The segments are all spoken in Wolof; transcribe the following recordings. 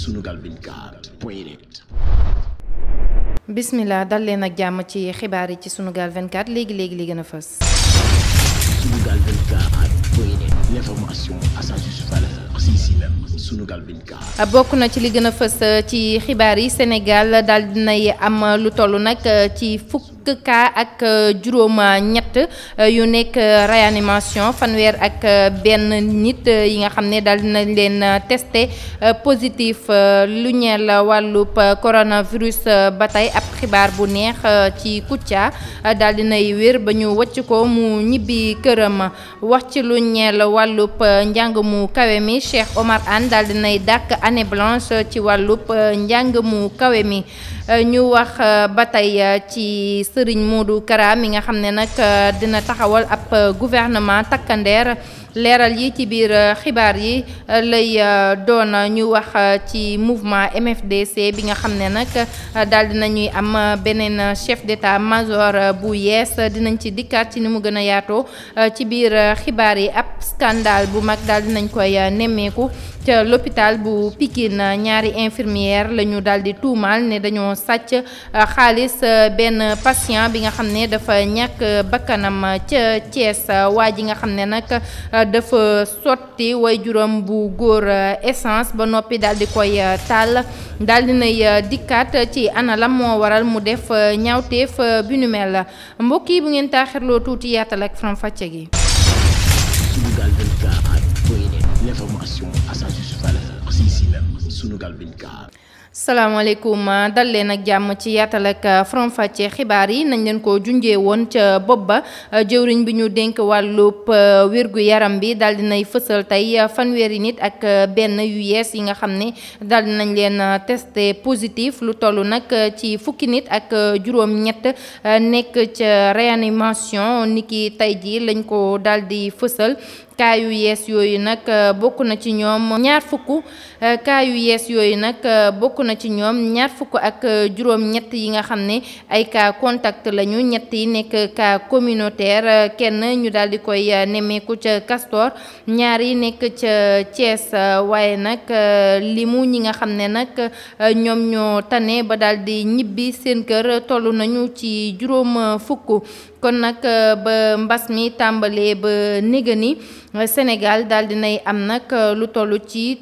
Sunugal 24 point net dal leen ak jàmm ci xibaar yi ci Sunugal 24 léegi léegi li gën a fës bokk na ci li gën a fës ci xibaar yi Sénégal daal dinay am lu toll nag ci fukk fukk cas ak juróom ñett euh, yu nekk réanimation fanweer ak euh, benn nit euh, yi nga xam ne daal na leen testé positif lu ñeel wàllub coronavirus ba tey ab xibaar bu neex ci Kouthia daal nay wér ba ñu wacc ko mu ñibbi kërama wax ci lu ñeel wàllub njàng mu kawe mi Cheikh Omar Anne daal dinay dàkk année blanche ci wàllub njàng mu kawe mi Euh, ñu wax euh, ba tey euh, ci Serigne Modou Kara mi nga xam ne nag dina taxawal ab gouvernement takkandeer leeral yi ci biir xibaar yi lay doon ñu wax ci mouvement MFDC bi nga xam ne nag daal dinañuy am beneen chef d'état major bu yees dinañ ci dikkaat ci ni mu gën a yaatoo ci biir xibaar yi ab scandale bu mag daal dinañ koy nemmeeku ca l'hôpital bu pikin ñaari infirmière lañu ñu daal di tuumaal ne dañoo sàcc euh, xaalis euh, benn patient bi nga xam ne dafa ñàkk bakkanam ca Thiès waa ji nga xam ne nag euh, dafa sotti way juróom bu góor essence ba noppi daal di koy taal daal di nay dikkaat ci ana moo waral mu def ñaawteef bi nu mel mbokk yi bu ngeen taaxirloo tuuti yaatal ak faram gi. Sénégal 24. salaamaaleykum ah, dal leen ak jàmm ci yaatal ak ah, faram-fàccee xibaar yi nañ leen ko junjee woon ca bopp ba ah, jëwriñ bi ñu dénk wàllub wirgu yaram bi daal di nay fësal tey fanweeri nit ak benn yu yees yi nga xam ne daal di nañ leen testé positif lu toll nag ci fukki nit ak juróom-ñett nekk ca réanimation niki tey jii lañ ko daal di fësal. kaa yu yees yooyu nag euh, bokk na ci ñoom ñaar fukk kaa euh, yooyu nag euh, bokk na ci ñoom ñaar ak juróom-ñett yi nga xam ne ay cas contact lañu ñett yi nekk cas communautaire kenn ñu daal di koy nemmeeku ca Castor ñaari nekk ca Thiès waaye nag limu ñi nga xam ne nag ñoom ñoo tane ba daal di ñibbi seen kër toll nañu ci juróom fukk kon nag ba mbas mi tàmbalee ba néga ni Euh, Sénégal daal dinay am nag euh, lu toll ci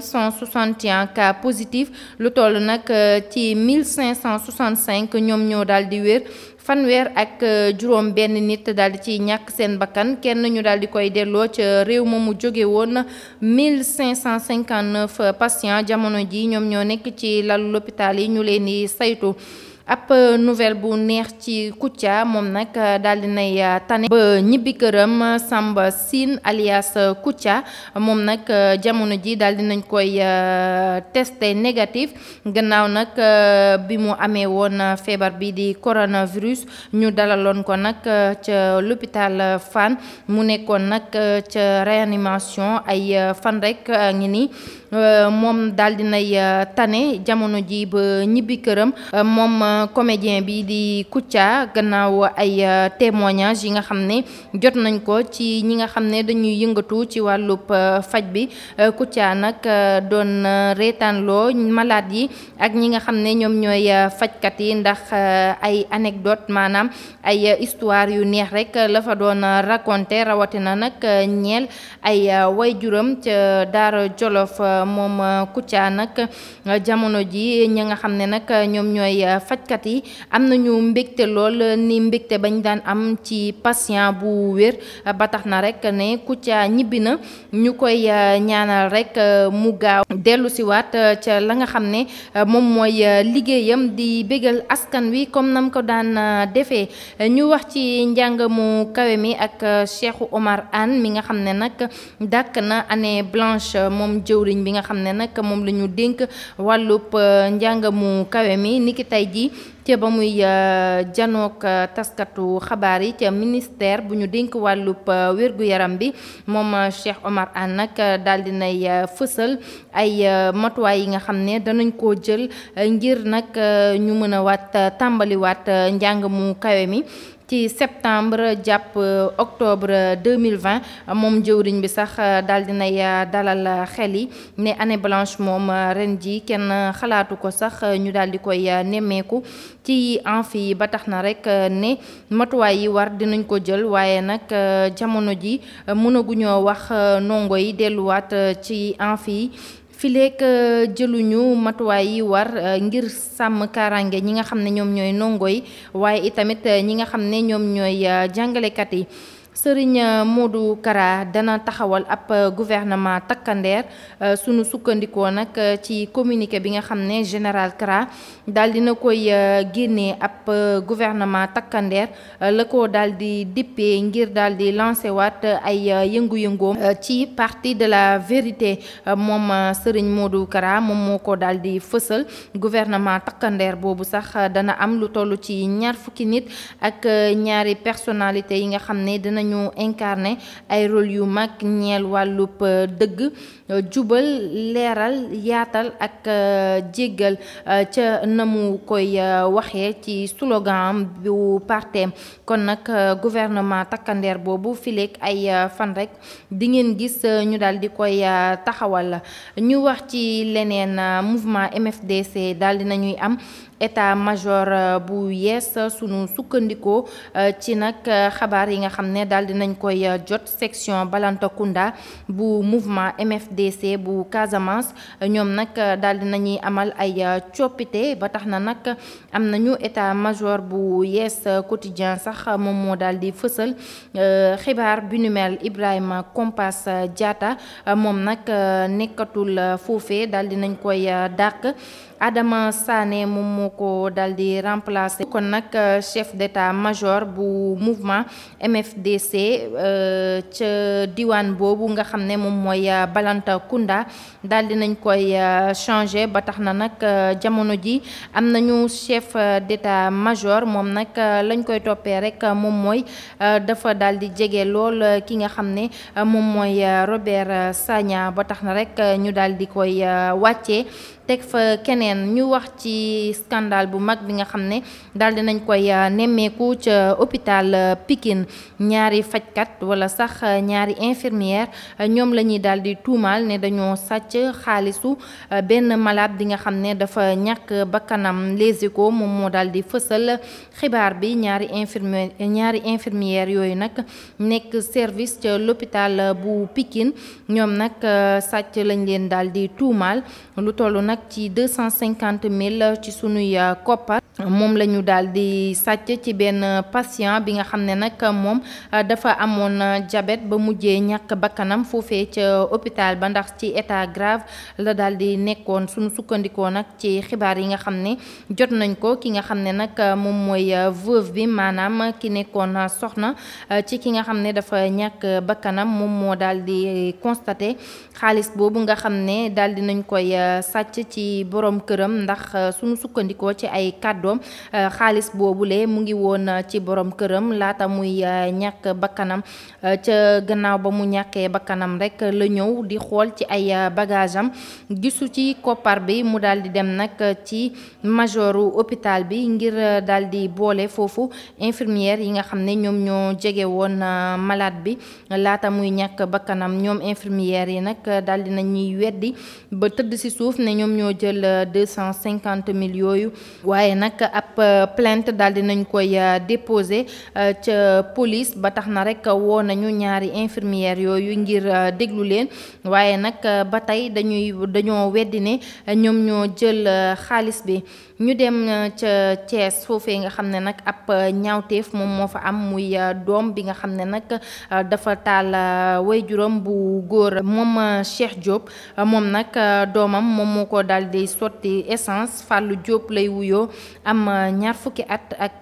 cent 3161 cas positif lu toll nag euh, ci 1565 ñoom ñoo daal di wér fanweer ak juróom benn nit daal di ciy ñàkk seen bakkan kenn ñu daal di koy delloo ca réew ma mu jóge woon 1559 patients jamono ji ñoom ñoo nekk ci lalu l'hôpital yi ñu leen di sayto ab euh, nouvelle bu neex ci Kouthia moom nag euh, daal dinay euh, tane ba ñibbi këram Samba Sine alias Kouthia moom nag jamono ji daal nañ koy testé négatif gannaaw nag bi mu amee woon feebar bi di coronavirus ñu dalaloon ko nag ca l'hôpital fan mu nekkoon nag ca réanimation ay fan rek ngi nii Euh, moom daal di nay euh, tane jamono ji ba ñibbi këram euh, moom comédien bi di Kouthia gannaaw ay témoignages yi nga xam ne jot nañ ko ci ñi nga xam ne dañuy yëngatu ci wàllub faj bi Kouthia nag doon reetaanloo malaat yi ak ñi nga xam ne ñoom ñooy fajkat yi ndax ay anecdote maanaam ay histoire yu neex rek la doon raconté rawatina nag ñeel ay way juram ca Daara Jolof moom euh, Kouthia nag jamono ji ñi nga xam ne nag ñoom ñooy euh, fajkat yi am nañu mbégte lool ni mbégte bañ daan am ci patient bu wér ba tax na rek ne Kouthia ñibbi na ñu koy euh, ñaanal rek mu gaaw dellu waat ca la nga xam ne moom mooy liggéeyam di bégal askan wi comme nam ko daan defee ñu wax ci njàng mu kawe mi ak Cheikh Omar Anne mi nga xam ne nag dàkk na année blanche moom jëwriñ bi nga xam ne nag moom lañu dénk wàllub euh, njàng mu kawe mi niki tey jii ca ba muy euh, janook euh, taskatu xabaar yi ca ministère bu ñu dénk wàllub wér yaram bi moom Cheikh Omar Anne nag daal di nay fësal ay matuwaay yi nga xam ne danañ ko jël ngir nag ñu mën a waat tàmbaliwaat njàng kawe mi ci septembre jàpp euh, octobre 2020 euh, moom jëwriñ bi sax euh, daal dinay dalal xel yi ne année blanche moom ren ji kenn xalaatu ko sax ñu daal di koy nemmeeku ci enfi yi ba tax na rek ne matuwaay yi war dinañ ko jël waaye nag jamono ji mënaguñoo wax ndongo yi delluwaat ci enfi fileek euh, jëluñu matuwaay yi war euh, ngir sàmm kaaraange ñi nga xam ne ñoom ñooy ndongo yi waaye itamit euh, ñi nga xam ne ñoom ñooy jàngalekat yi Serigne euh, Modou Kara dana taxawal ab euh, gouvernement takkandeer euh, sunu sukkandikoo nag ci communiqué bi nga xam ne général Kara daal na koy génnee ab gouvernement takkandeer la ko daal di dippee ngir daal di lancé waat ay yëngu-yëngoom ci parti de la vérité moom Serigne Modou Kara moom moo ko daal di fësal gouvernement takkandeer boobu sax dana am lu toll ci ñaar fukki nit ak ñaari personnalité yi nga xam ne dinañ nañu incarné ay rôle yu mag ñeel wàllub euh, dëgg euh, jubal leeral yaatal ak euh, jéggal ca namu mu koy waxee ci slogan bu parteem kon nag gouvernement takkandeer boobu fileek ay fan rek di ngeen gis ñu daal di koy taxawal ñu wax ci leneen mouvement MFDC daal nañuy am état major euh, bu yees euh, sunu sukkandikoo euh, ci nag xabaar yi nga xam ne daal nañ koy jot section Balantacounda bu mouvement MFDC bu Casamance ñoom nag daal nañuy amal ay coppite ba tax na nag am nañu état major bu yees quotidien sax moom moo daal di fësal xibaar bi nu mel Ibrahima Compas Diatta moom nag nekkatul foofee daal nañ koy dàq. Adama Sané moom moo ko dal di remplacer kon nag euh, chef d'état-major bu mouvement MFDC euh, ca diwaan boobu nga xam ne moom mooy euh, Balantacounda daal di nañ koy changer ba tax na nag jamono ji am nañu chef d'état-major moom nag lañ koy toppee rek moom mooy dafa daal di jege lool ki nga xam ne moom mooy Robert Sagna ba tax na rek ñu daal di koy wàccee teg fa keneen. leneen ñu wax ci scandale bu mag bi nga xam ne daal nañ koy euh, nemmeeku ca euh, hôpital euh, pikin ñaari fajkat wala sax ñaari infirmière ñoom la ñuy daal di tuumaal ne dañoo sàcc xaalisu benn malaat bi nga xam ne dafa ñàkk bakkanam Les Échos moom moo daal di fësal xibaar bi ñaari infirmière yooyu nag nekk service ca l'hôpital bu pikin ñoom nag sàcc lañ leen daal di tuumaal lu toll nag ci cinquante mille ci suñuy euh, koppar moom la ñu daal di sàcc ci benn euh, patient bi nga xam ne nag moom euh, dafa amoon diabète ba mujjee ñàkk bakkanam foofee ca hôpital ba ndax ci état grave la daal di nekkoon sunu sukkandikoo nag ci xibaar yi nga xam ne jot nañ ko ki nga xam ne nag moom mooy veuve bi maanaam ki nekkoon soxna ci ki nga xam ne dafa ñàkk bakkanam moom moo daal di constaté xaalis boobu nga xam ne daal di koy sàcc ci borom këram ndax euh, suñu sukkandikoo ci ay kàddoom euh, xaalis boobu boobule mu ngi woon euh, ci boroom këram laata muy ñàkk bakkanam ca gannaaw ba mu ñàkkee bakkanam rek la ñëw di xool ci ay bagage am gisu ci koppar bi mu daal di dem nag ci majoru hôpital bi ngir daal di boole foofu infirmière yi nga xam ne ñoom ñoo jege woon malade bi laata muy ñàkk bakkanam ñoom infirmière yi nag daal nañuy weddi ba tëdd ci suuf ne ñoom ñoo jël deux cent cinquante mille yooyu waaye nag ab euh, plainte daal di nañ koy euh, déposé euh, ca police ba tax na rek woo nañu ñaari infirmières yooyu ngir déglu leen waaye nag ba tey dañuy dañoo weddi ne ñoom ñoo jël xaalis bi ñu dem ca Thiès foofee nga xam ne nag ab ñaawteef moom moo fa am muy doom bi nga xam ne nag dafa taal juróom bu góor moom Cheikh Diop moom nag doomam moom moo ko daal sotti di essence Fallou Diop lay wuyoo am ñaar fukki at ak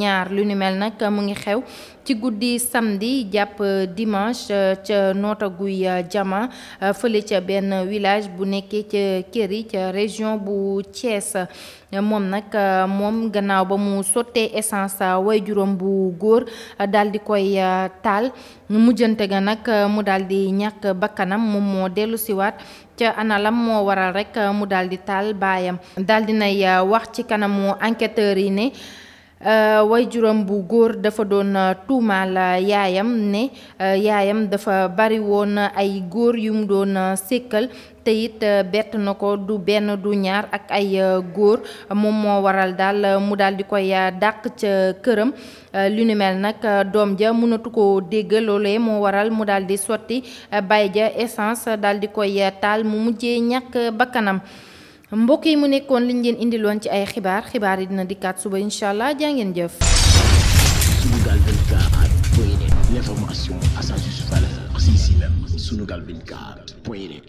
ñaar lu ni mel nag mu ngi xew ci guddi samedi jàpp dimanche euh, ca noota guy euh, jama euh, fële ca benn village bu nekkee ca Kéri ca région bu Thiès moom nag moom gannaaw ba mu sottee essence way juróom bu góor daal di koy taal mujjante ga nag mu daal di ñàkk bakkanam moom moo dellu siwaat ca analam moo waral rek mu daal di taal baayam daal di nay wax ci kanamu enquêteurs yi ne Euh, waajuram bu góor dafa doon euh, tuumaala euh, yaayam ne yaayam dafa bari woon ay góor yu mu doon sékkal te it bett na ko du benn du ñaar ak ay góor moom moo waral daal mu daal di koy dàq ca këram lu ni mel nag doom ja mënatu ko dégg loolee moo waral mu daal di sotti bay ja essance daal di koy taal mu mujje ñàkk bakkanam mbokk yi mu nekkoon liñ leen indiloon ci ay xibaar xibaar yi dina dikkaat suba incha allah jaa ngeen jëf. Sunugal